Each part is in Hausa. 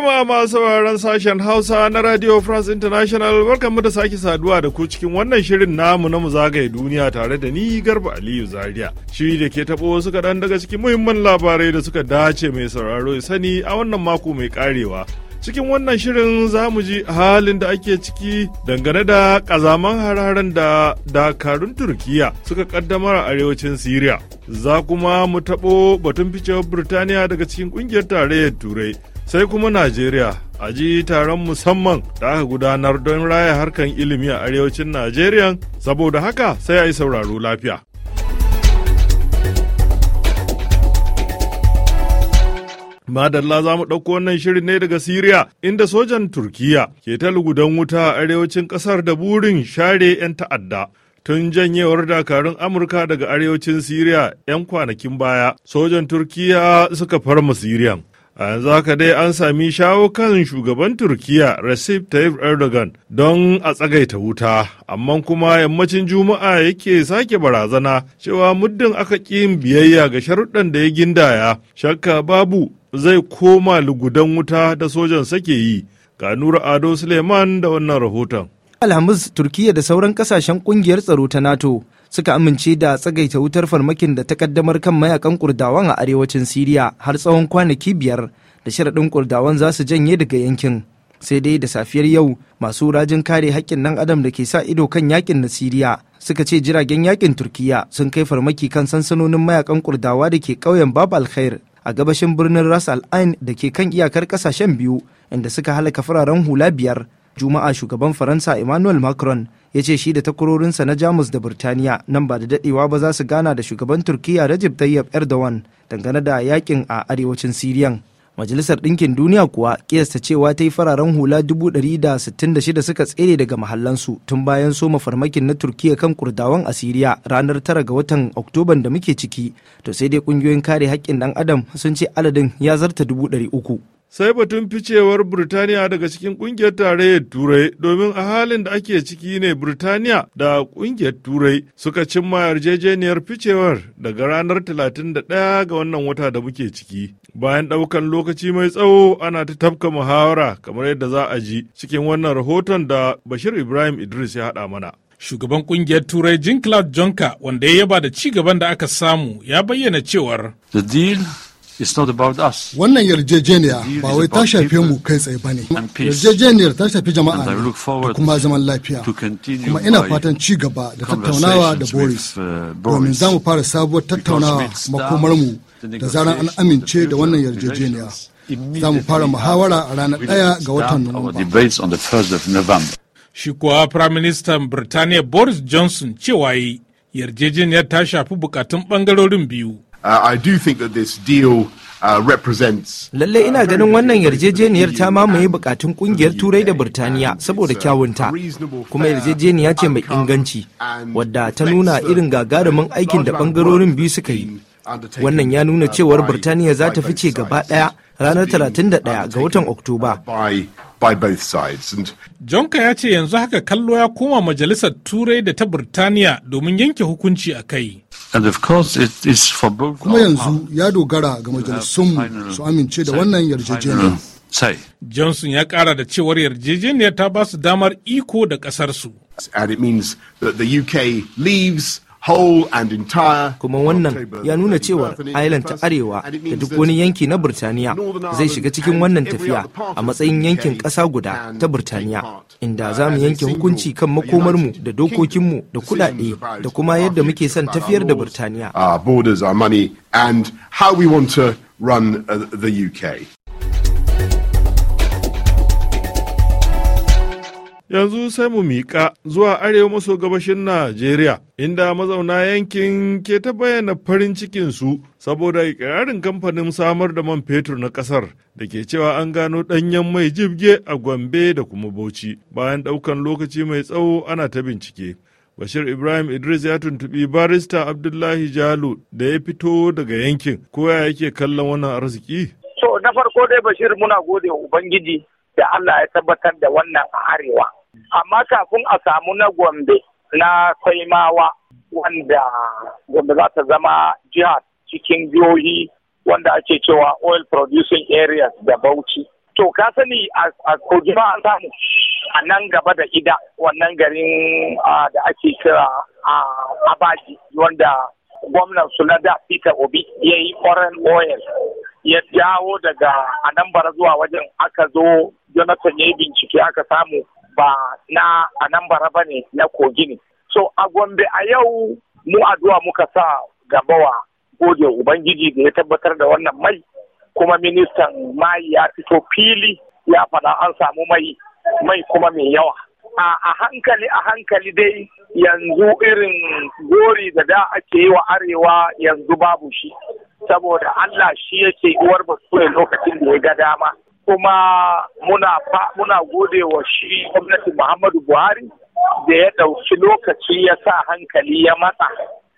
jama'a masu sauraron sashen Hausa na Radio France International barkanmu da sake saduwa da ku cikin wannan shirin namu na mu zagaye duniya tare da ni Garba Aliyu Zaria. Shiri da ke taɓo wasu kaɗan daga cikin muhimman labarai da suka dace mai sauraro sani a wannan mako mai karewa. Cikin wannan shirin za mu ji halin da ake ciki dangane da ƙazaman hararen da dakarun turkiyya suka kaddamar a arewacin Siriya. Za kuma mu taɓo batun ficewar Birtaniya daga cikin ƙungiyar tarayyar Turai. sai kuma najeriya a ji taron musamman da aka gudanar don raya harkan ilimi a arewacin najeriya saboda haka sai a yi sauraro lafiya Madalla za mu ɗauko wannan shirin ne daga Siriya, inda sojan turkiyya ke ta lugudan wuta a arewacin ƙasar da burin share 'yan ta'adda. Tun janyewar dakarun Amurka daga arewacin Siriya 'yan kwanakin baya, sojan turkiyya suka farma Siriyan. a yanzu haka dai an sami shawo kan shugaban turkiyya recep tayyip erdogan don a tsagaita wuta amma kuma yammacin juma'a yake sake barazana cewa muddin aka ƙi biyayya ga sharuɗan da ya gindaya shakka babu zai koma lugudan wuta da sojan sake yi ga nura ado suleiman da wannan rahoton alhamis turkiyya da sauran kasashen kungiyar tsaro ta nato suka amince da tsagaita wutar farmakin da ta kaddamar kan mayakan kurdawan a arewacin siriya har tsawon kwanaki biyar da sharaɗin kurdawan za su janye daga yankin sai dai da safiyar yau masu rajin kare haƙƙin ɗan adam da ke sa ido kan yakin na siriya suka ce jiragen yakin turkiya sun kai farmaki kan sansanonin mayakan kurdawa da ke ƙauyen bab alkhair a gabashin birnin ras al ain da ke kan iyakar ƙasashen biyu inda suka halaka fararen hula biyar juma'a shugaban faransa emmanuel macron ya ce shi da takwarorinsa na jamus da birtaniya nan ba da dadewa ba za su gana da shugaban turkiya rajib tayyab erdogan dangane da yakin a arewacin siriyan majalisar ɗinkin duniya kuwa kiyasta cewa ta yi fararen hula 166 suka tsere daga mahallansu tun bayan soma farmakin na turkiya kan kurdawan a siriya ranar 9 ga watan oktoban da muke ciki to sai dai ƙungiyoyin kare haƙƙin ɗan adam sun ce aladin ya zarta 300 sai batun ficewar Birtaniya daga cikin kungiyar tarayyar Turai domin a halin da ake ciki ne Birtaniya da kungiyar Turai suka cimma yarjejeniyar ficewar daga ranar 31 ga wannan wata da muke ciki. Bayan ɗaukan lokaci mai tsawo ana ta tafka muhawara kamar yadda za a ji cikin wannan rahoton da Bashir Ibrahim Idris ya haɗa mana. Shugaban kungiyar Turai Jean-Claude Juncker wanda ya yaba da ci gaban da aka samu ya bayyana cewar. The deal It's not about us. Wannan yarjejeniya ba wai ta shafe mu kai tsaye ba ne. Yarjejeniyar ta shafi jama'a ne da kuma zaman lafiya. Kuma ina fatan ci gaba da tattaunawa da uh, Boris. Domin za mu fara sabuwar tattaunawa makomar mu da zaran an amince da wannan yarjejeniya. Za mu fara muhawara a ranar ɗaya ga watan Nuwamba. Shi kuwa Firaministan Birtaniya Boris Johnson cewa yi yarjejeniyar ta shafi bukatun ɓangarorin biyu. Uh, I do think that uh, Lallai uh, ina ganin wannan yarjejeniyar ta mamaye bukatun kungiyar Turai da Birtaniya saboda kyawunta, kuma yarjejeniya ce mai inganci, wadda ta nuna irin gagarumin aikin da bangarorin biyu suka yi. Wannan ya nuna cewar Birtaniya za ta fice gaba ɗaya ranar 31 ga watan Oktoba. Jonka ya ce yanzu haka kallo ya koma majalisar Turai da ta Birtaniya domin yanke hukunci a kai. kuma yanzu ya dogara ga majalisunmu su amince da wannan yarjejeniyar. Johnson ya kara da cewar yarjejeniyar ta ba su damar iko da ƙasarsu. the kuma wannan ya nuna cewa Ireland ta Arewa da duk wani yanki na Birtaniya zai shiga cikin wannan tafiya a matsayin yankin ƙasa guda ta Birtaniya, inda uh, za mu yanke hukunci kan makomarmu da dokokinmu da kuɗaɗe da kuma yadda muke son tafiyar da Birtaniya. Yanzu sai mu miƙa zuwa arewa maso gabashin Najeriya, inda mazauna yankin ke ta bayyana farin cikinsu saboda ikirarin kamfanin samar da man fetur na ƙasar da ke cewa an gano ɗanyen mai jibge a Gombe da kuma Bauchi bayan ɗaukan lokaci mai tsawo ana ta bincike. Bashir Ibrahim Idris ya tuntuɓi barista Abdullahi jalu da ya fito daga yankin, koya yake kallon wannan arziki? To, na farko dai Bashir muna gode Ubangiji da Allah ya tabbatar da wannan a arewa. Amma kafin a samu na Gombe na Saimawa wanda Gombe za ta zama jihar cikin jihohi wanda ake cewa oil producing areas da Bauchi. To ka sani a Kojima an samu a nan gaba da ida wannan garin da ake kira a Abaji wanda gwamnan su na da Peter Obi ya yi foreign oil ya dawo daga anambara zuwa wajen aka zo Jonathan ya yi bincike aka samu ba na bara ba ne na kogi ne so a gombe a yau mu addu'a muka sa gaba wa gode ubangiji da ya tabbatar da wannan mai kuma ministan mai ya fito fili ya faɗa an samu mai mai kuma mai yawa a hankali a hankali dai yanzu irin gori da da ake yi wa arewa yanzu babu shi saboda Allah shi yake uwar bature lokacin da ya ga dama kuma muna muna gode wa shi gwamnati Muhammadu Buhari da ya ɗauki lokaci ya sa hankali ya matsa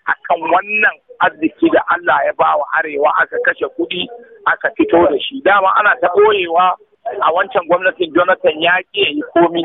akan wannan arziki da Allah ya ba wa arewa aka kashe kuɗi aka fito da shi dama ana ta ɓoyewa a wancan gwamnatin Jonathan ya ƙi ya yi komi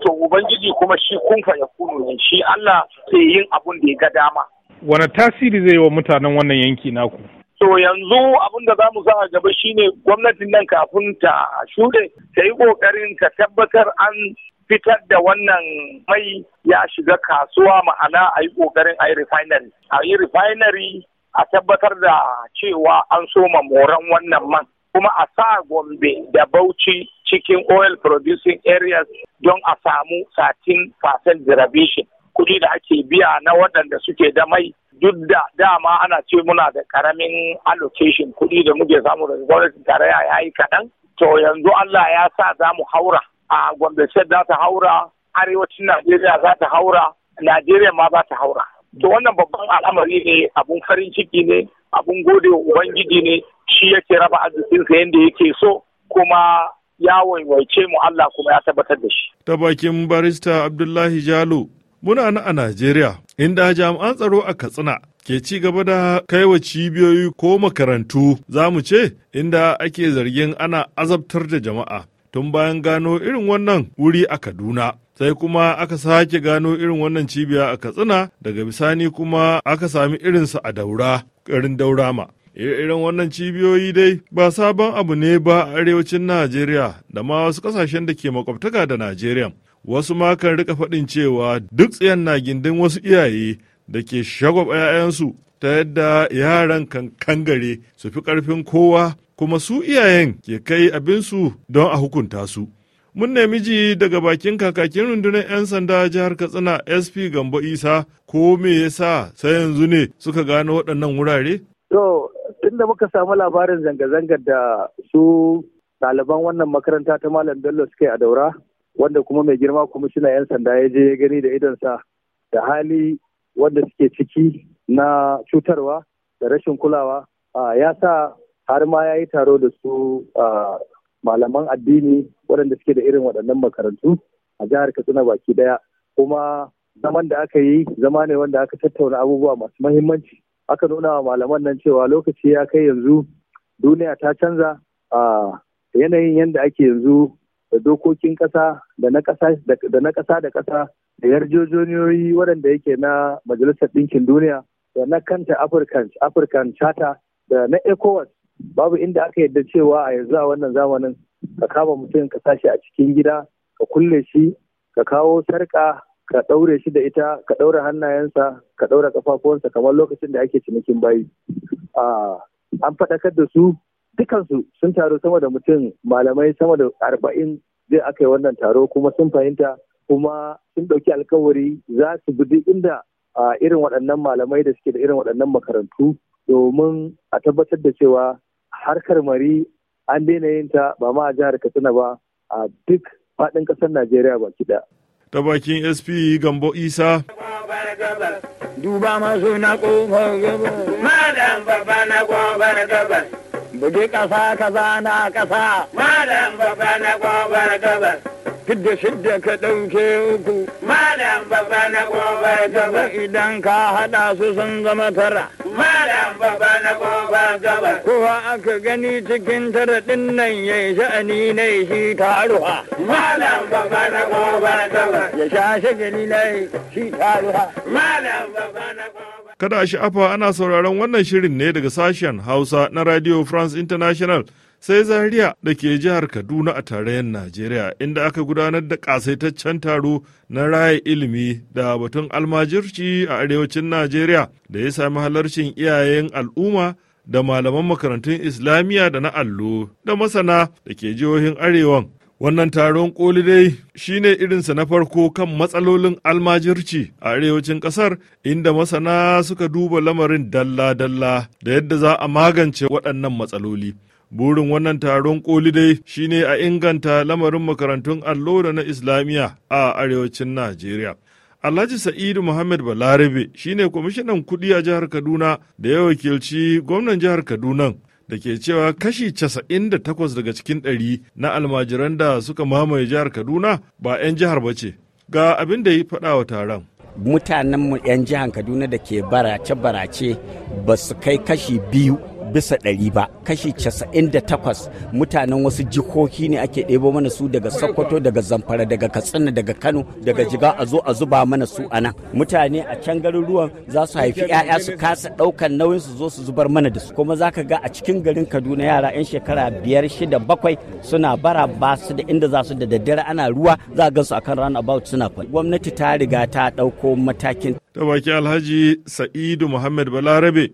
to ubangiji kuma shi kunfa ya kunu ne shi Allah ke yin abun da ya ga dama wani tasiri zai yi wa mutanen wannan yanki naku To yanzu abin da za mu sa a gaba shine gwamnatin nan kafin ta shuɗe ta yi ƙoƙarin ta tabbatar an fitar da wannan mai ya shiga kasuwa ma'ana a yi ƙoƙarin a yi refinery. A yi refinery a tabbatar da cewa an soma moran wannan man. Kuma a sa Gombe da Bauchi cikin oil producing areas don a samu Satin Fasal derivation. kuɗi da ake biya na waɗanda suke da mai duk da dama ana ce muna da karamin allocation kuɗi da muke samu daga gwamnatin tarayya ya yi kaɗan to yanzu Allah ya sa za mu haura a Gombe State za ta haura arewacin Najeriya za ta haura Najeriya ma za ta haura to wannan babban al'amari ne abun farin ciki ne abun gode wa ubangiji ne shi yake raba sa yadda yake so kuma ya waiwaice mu Allah kuma ya tabbatar da shi ta bakin barista Abdullahi Jalo muna na a Najeriya, inda jami'an tsaro a Katsina ke ci gaba da kaiwa cibiyoyi ko makarantu za mu ce inda ake zargin ana azabtar da jama'a tun bayan gano irin wannan wuri a Kaduna. Sai kuma aka sake gano irin wannan cibiya a Katsina daga bisani kuma aka sami irinsa a daura, garin daurama. irin wannan cibiyoyi dai ba sabon abu ne ba a arewacin najeriya da ma wasu ƙasashen da ke makwabtaka da najeriya wasu ma kan rika faɗin cewa duk tsayan na gindin wasu iyaye da ke shagwaba 'ya'yansu ta yadda yaran kan kangare su fi ƙarfin kowa kuma su iyayen ke kai abinsu don a hukunta su. Mun nemi ji daga bakin kakakin rundunar 'yan sanda jihar Katsina SP Gambo Isa ko me yasa sai yanzu ne suka gano waɗannan wurare? To, tunda muka samu labarin zanga-zangar da su ɗaliban wannan makaranta ta Malam Bello suka a daura, wanda kuma mai girma kwamishina 'yan sanda ya je ya gani da idonsa da hali wanda suke ciki na cutarwa da rashin kulawa ya sa har ma ya yi taro da su malaman addini waɗanda suke da irin waɗannan makarantu a jihar katsina baki daya kuma zaman da aka yi zama ne wanda aka tattauna abubuwa masu mahimmanci aka nuna wa malaman nan cewa lokaci ya kai yanzu duniya ta canza a yanayin yadda ake yanzu da dokokin ƙasa da na kasa da kasa da yarjejeniyoyi waɗanda yake na majalisar ɗinkin duniya da na kanta african african charter da na ecowas babu inda aka yarda cewa a yanzu a wannan zamanin ka kama mutum ka sashi a cikin gida ka kulle shi ka kawo sarƙa ka ɗaure shi da ita ka ɗaure hannayensa ka ɗaure ƙafafuwansa kamar lokacin da ake cinikin bayi ah, an faɗakar da su dukansu sun taru sama da mutum malamai sama da arba'in zai aka yi wannan taro kuma sun fahimta kuma sun ɗauki alkawari za su bi duk inda a irin waɗannan malamai da suke da irin waɗannan makarantu domin a tabbatar da cewa harkar mari an daina yin ta ba ma a jihar katsina ba a duk faɗin ƙasar najeriya baki ɗaya. ta bakin sp gambo isa duba masu na ƙofar gaba babba na ƙofar gaba Buge ƙasa ka na ƙasa. Malam babba na ƙofar gabas. Fidda shidda ka ɗauke uku. Malam babba na ƙofar gabas. Idan ka haɗa su sun zama tara. Malam babba na ƙofar gabas. Kowa aka gani cikin tara ɗin nan ya yi sha'ani na shi taruwa. Malam babba na ƙofar gabas. Ya sha shagali na shi taruwa. Malam babba na ƙofar Kada a sha'afa ana sauraron wannan shirin ne daga sashen Hausa na Radio France International sai Zaria da ke jihar Kaduna a tarayyar Najeriya inda aka gudanar da kasaitaccen taro na raya ilimi da batun almajirci a arewacin Najeriya da ya sami halarcin iyayen al'umma da malaman makarantun Islamiyya da na allo da masana da ke jihohin arewan Wannan taron koli dai shi ne irinsa na farko kan matsalolin almajirci a arewacin ƙasar inda masana suka duba lamarin dalla-dalla da yadda za a magance waɗannan matsaloli. Burin wannan taron koli dai shi ne a inganta lamarin makarantun allo da na Islamiyya a arewacin Najeriya. Alhaji Sa'idu Muhammad Balarabe shine kwamishinan kuɗi a jihar Kaduna da ya wakilci gwamnan jihar Kaduna da ke cewa kashi 98 daga cikin ɗari na almajiran da suka mamaye jihar Kaduna ba 'yan jihar ba ce. Ga abin da ya faɗa wa taron. Mutanenmu 'yan jihar Kaduna da ke barace-barace ba su kai kashi biyu bisa ɗari ba kashi casa'in da takwas mutanen wasu jihohi ne ake ɗebo mana su daga sokoto daga zamfara daga katsina daga kano daga jiga a zo a zuba mana su a nan mutane a can garuruwan za su haifi 'ya'ya su kasa ɗaukan nauyin su zo su zubar mana da su kuma zaka ga a cikin garin kaduna yara 'yan shekara biyar shida bakwai suna bara ba su da inda za su da daddare ana ruwa za ga su akan about suna faɗi gwamnati ta riga ta ɗauko matakin ta baki alhaji sa'idu muhammad balarabe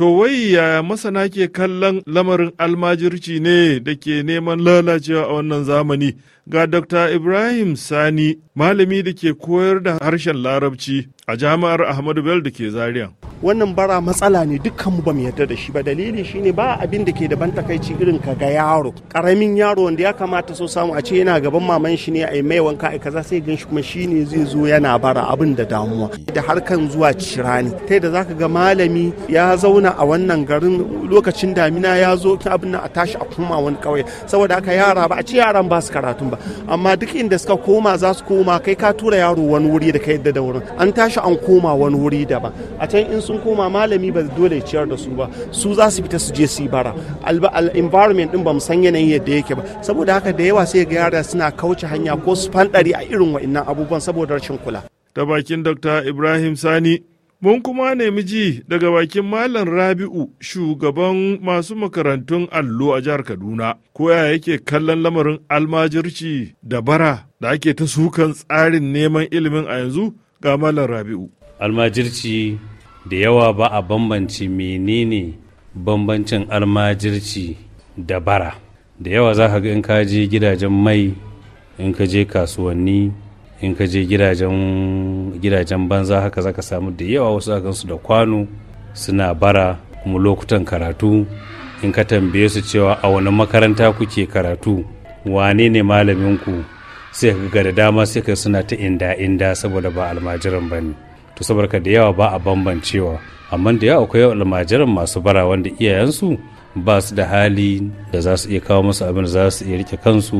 To wai yaya masana ke kallon lamarin almajirci ne da ke neman lalacewa a wannan zamani ga Dr. Ibrahim Sani malami da ke koyar da harshen larabci a jami'ar ahmadu bello da ke zaria wannan bara matsala ne dukkanmu ba mu yarda da shi ba dalili shine ba abin da ke da ban takaici irin ka ga yaro karamin yaro wanda ya kamata so samu a ce yana gaban maman shi ne a yi mai wanka a kaza sai gan shi kuma shine zai zo yana bara abin da damuwa da harkan zuwa cirani ta da zaka ga malami ya zauna a wannan garin lokacin damina ya zo ki abin a tashi a koma wani kauye saboda haka yara ba a ce yaran ba su karatun ba amma duk inda suka koma za su koma koma kai ka tura yaro wani wuri da ka yadda da wurin an tashi an koma wani wuri daban a can in sun koma malami ba dole ciyar da su ba su za su fita su je su bara environment din ba mu san yanayin yadda yake ba saboda haka da yawa sai ga yara suna kauce hanya ko su fanɗari a irin wa'annan abubuwan saboda rashin kula ta bakin dr ibrahim sani Mun kuma nemi ji daga bakin Malam Rabi'u shugaban masu makarantun allo a jihar Kaduna, ko ya yake kallon lamarin almajirci da bara da ake ta sukan tsarin neman ilimin a yanzu ga Malam Rabi'u. Almajirci da yawa ba a bambanci menene bambancin almajirci da bara. Da yawa za ka ga in ka je gidajen mai, in ka je kasuwanni. in ka je gidajen banza haka zaka samu da yawa wasu akan su da kwano suna bara kuma lokutan karatu in ka tambaye su cewa a wani makaranta kuke karatu wane ne malaminku sai ka ga da dama sai ka suna ta inda inda saboda ba almajiran ba ne to saboda da yawa ba a bambancewa amma da yawa akwai almajiran masu bara wanda iyayensu ba su da hali da za su iya kawo musu abin da za su iya rike kansu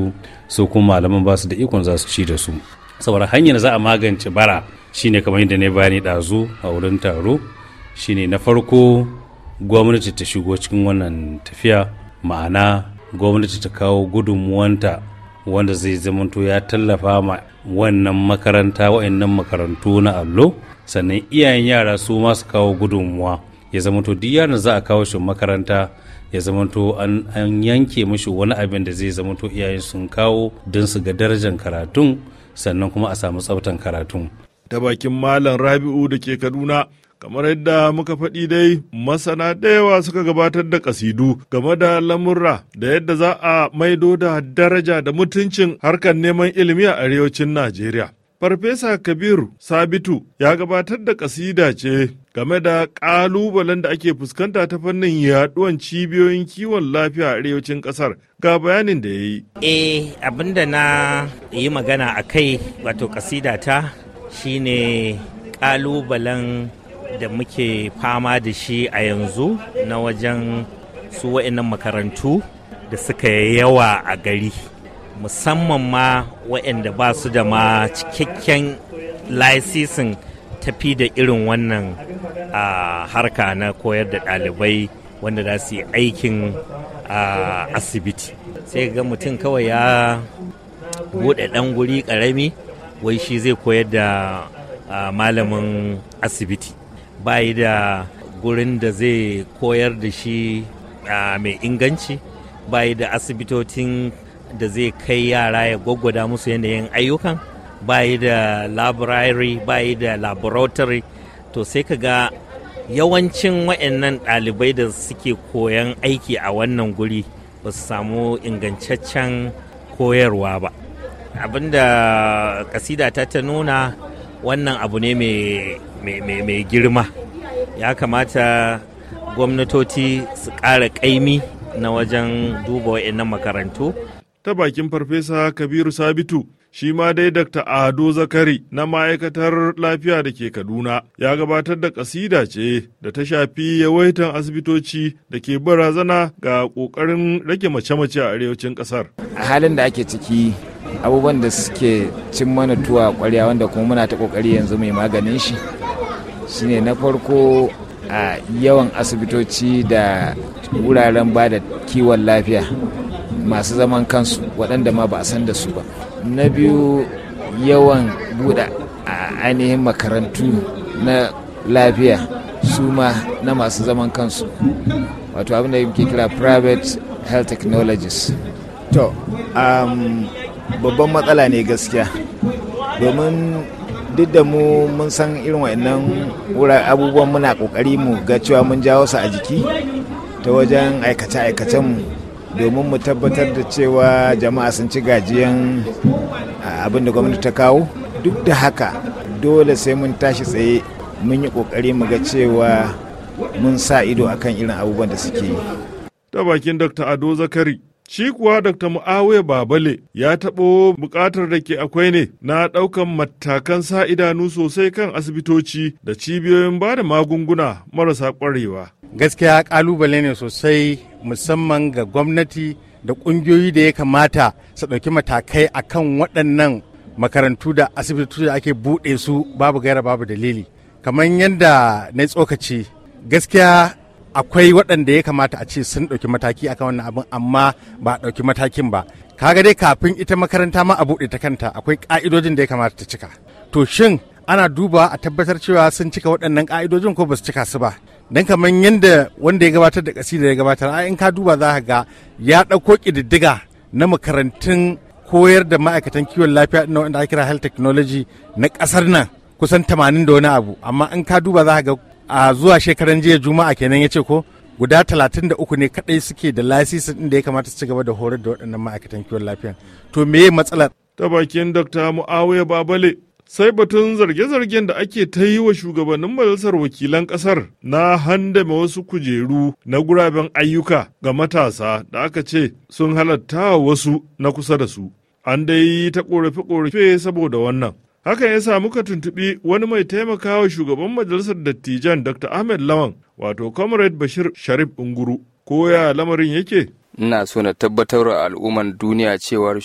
su kuma malaman ba su da ikon za su ci da su saboda hanyar za a magance bara shine kamar yadda ne bayani ɗazu a wurin taro shine na farko gwamnati ta shigo cikin wannan tafiya ma'ana gwamnati ta kawo gudunmuwanta wanda zai zamanto ya tallafa ma wannan makaranta wa'annan makarantu na allo sannan iyayen yara su masu kawo gudunmuwa ya zamanto duk yaran za a kawo shi makaranta ya zamanto an yanke mashi wani abin da zai zamanto iyayen sun kawo don su ga darajar karatun sannan kuma a samu tsaftan karatu. ta bakin Malam Rabi'u da ke Kaduna, kamar yadda muka faɗi dai masana da yawa suka gabatar da kasidu game da lamurra da yadda za a maido da daraja da mutuncin harkar neman ilimi a arewacin Najeriya. Farfesa Kabiru Sabitu ya gabatar da kasida ce game da ƙalubalen da ake fuskanta ta fannin yaduwan cibiyoyin kiwon lafiya a arewacin ƙasar ga bayanin da ya yi. Eh abinda na yi magana a kai wato kasida ta shine ƙalubalen da muke fama da shi a yanzu na wajen su wa'annan makarantu da suka yawa a gari. musamman ma waɗanda ba su da ma cikakken lasisin tafi da irin wannan a harka na koyar da ɗalibai wanda za su yi aikin asibiti sai ga mutum kawai ya buɗe ɗan guri ƙarami wai shi zai koyar da malamin asibiti yi da gurin da zai koyar da shi mai inganci yi da asibitocin da zai kai yara ya gwaggwada musu yanayin ayyukan bayi da labirari bayi da laboratory to sai ka ga yawancin waɗannan ɗalibai da suke koyan aiki a wannan guri ba su samu ingantaccen koyarwa ba abinda kasida ta ta nuna wannan abu ne mai girma ya kamata gwamnatoci su ƙara ƙaimi na wajen duba wa'annan makarantu ta bakin farfesa kabiru sabitu shi ma dai dr ado zakari na ma'aikatar lafiya da ke kaduna ya gabatar da kasida ce da ta shafi yawaitan asibitoci da ke barazana ga kokarin rage mace-mace a arewacin kasar a halin da ake ciki abubuwan da suke cin mana tuwa kwarya wanda kuma muna ta kokari yanzu mai maganin shi shine na farko a yawan asibitoci da wuraren ba da kiwon lafiya masu zaman kansu waɗanda ma ba a san da su ba na biyu yawan buɗe a ainihin makarantu na lafiya su ma na masu zaman kansu wato abin da yake kira private health technologies to um, babban matsala ne gaskiya domin duk da mu mun san irin wa'annan abubuwan muna kokari mu ga cewa mun jawo su a jiki ta wajen aikace-aikacen mu domin mu tabbatar da cewa jama'a sun ci gajiyan ah, abin da gwamnati ta kawo duk da haka dole sai mun tashi tsaye mun yi kokari mu ga cewa mun sa ido akan irin abubuwan da suke yi ta bakin dr ado zakari shi kuwa dr mu'awiya babale ya taɓo bukatar da ke akwai ne na ɗaukan matakan sa idanu sosai kan asibitoci da cibiyoyin ba da magunguna marasa ƙwarewa gaskiya kalubale ne sosai musamman ga gwamnati da kungiyoyi da ya kamata su ɗauki matakai akan waɗannan makarantu da asibitu da ake buɗe su babu gaira babu dalili kamar yadda na tsokaci gaskiya akwai waɗanda ya kamata a ce sun ɗauki mataki akan wannan abin amma ba a ɗauki matakin ba kaga dai kafin ita makaranta ma a buɗe ta kanta akwai ƙa'idojin da ya kamata ta cika to shin ana duba a tabbatar cewa sun cika waɗannan ƙa'idojin ko ba su cika su ba dan kamar yadda wanda ya gabatar da kasida ya gabatar a in ka duba za ka ga ya ɗauko ƙididdiga na makarantun koyar da ma'aikatan kiwon lafiya na wanda ake kira health technology na ƙasar nan kusan tamanin da wani abu amma in ka duba za ka ga a zuwa shekaran jiya juma'a kenan ya ce ko guda talatin da uku ne kaɗai suke da lasisin inda ya kamata su ci gaba da horar da waɗannan ma'aikatan kiwon lafiya to meye matsalar ta bakin dr mu'awiya babale sai batun zarge-zargen da ake ta yi wa shugabannin majalisar wakilan kasar na handame wasu kujeru na guraben ayyuka ga matasa da aka ce sun halatta wasu na kusa da su an dai yi ta korafe-korafe saboda wannan hakan ya sa muka tuntuɓi wani mai taimakawa shugaban majalisar dattijan dr ahmed lawan wato comrade bashir sharif unguru ko ya lamarin yake ina so na tabbatar al'umman duniya cewar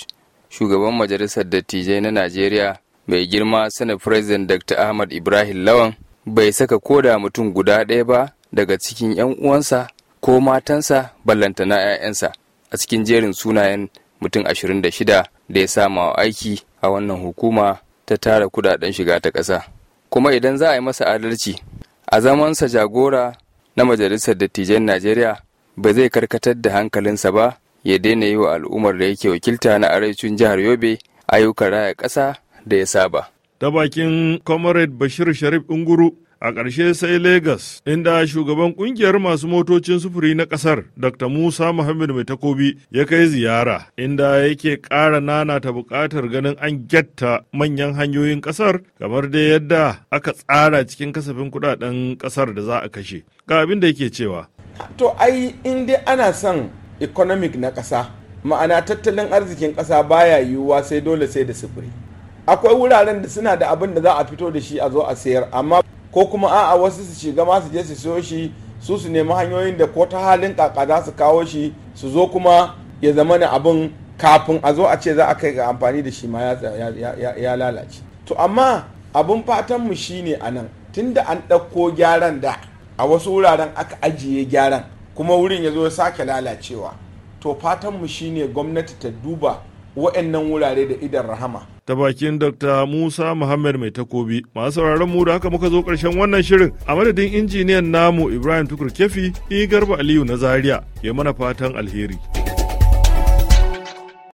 shugaban majalisar dattijai na najeriya mai girma sanar president dr ahmad ibrahim lawan bai saka koda mutum guda ɗaya ba daga cikin 'yan uwansa ko matansa ballantana 'ya'yansa a cikin jerin sunayen mutum 26 da ya sama aiki a wannan hukuma ta tara kudaden shiga ta ƙasa kuma idan za a yi masa adalci a zamansa jagora na majalisar dattijan najeriya ba zai karkatar da hankalinsa ba ya daina yi wa al'ummar da yake wakilta na Arewacin jihar yobe ayyukan raya ƙasa da ya saba. Ta bakin Comrade Bashir Sharif Unguru a ƙarshe sai Legas inda shugaban ƙungiyar masu motocin sufuri na ƙasar Dr. Musa Muhammad Mai Takobi ya kai ziyara inda yake ƙara nana ta buƙatar ganin an gyatta manyan hanyoyin ƙasar kamar da yadda aka tsara cikin kasafin kuɗaɗen ƙasar da za a kashe. Ga abin da yake cewa. To ai in dai ana son economic na ƙasa ma'ana tattalin arzikin ƙasa baya yiwuwa sai dole sai da sufuri. akwai wuraren da suna da abin da za a fito da shi a zo a sayar amma ko kuma a'a wasu su shiga ma su je su siyo shi su su nemi hanyoyin da ko ta halin kaka za su kawo shi su zo kuma ya zama na abin kafin a zo a ce za a kai ga amfani da shi ma ya lalace to amma abin fatanmu shine a nan tunda an ɗauko gyaran da a wasu wuraren aka ajiye gyaran kuma wurin ya zo ya sake lalacewa to fatanmu shine gwamnati ta duba wa'annan wurare da idan rahama ta bakin Dr. Musa Muhammad Mai Takobi. Masu sauraron mu da haka muka zo ƙarshen wannan shirin a madadin injiniyan namu Ibrahim Tukur Kefi, Garba Aliyu na Zaria, ya mana fatan alheri.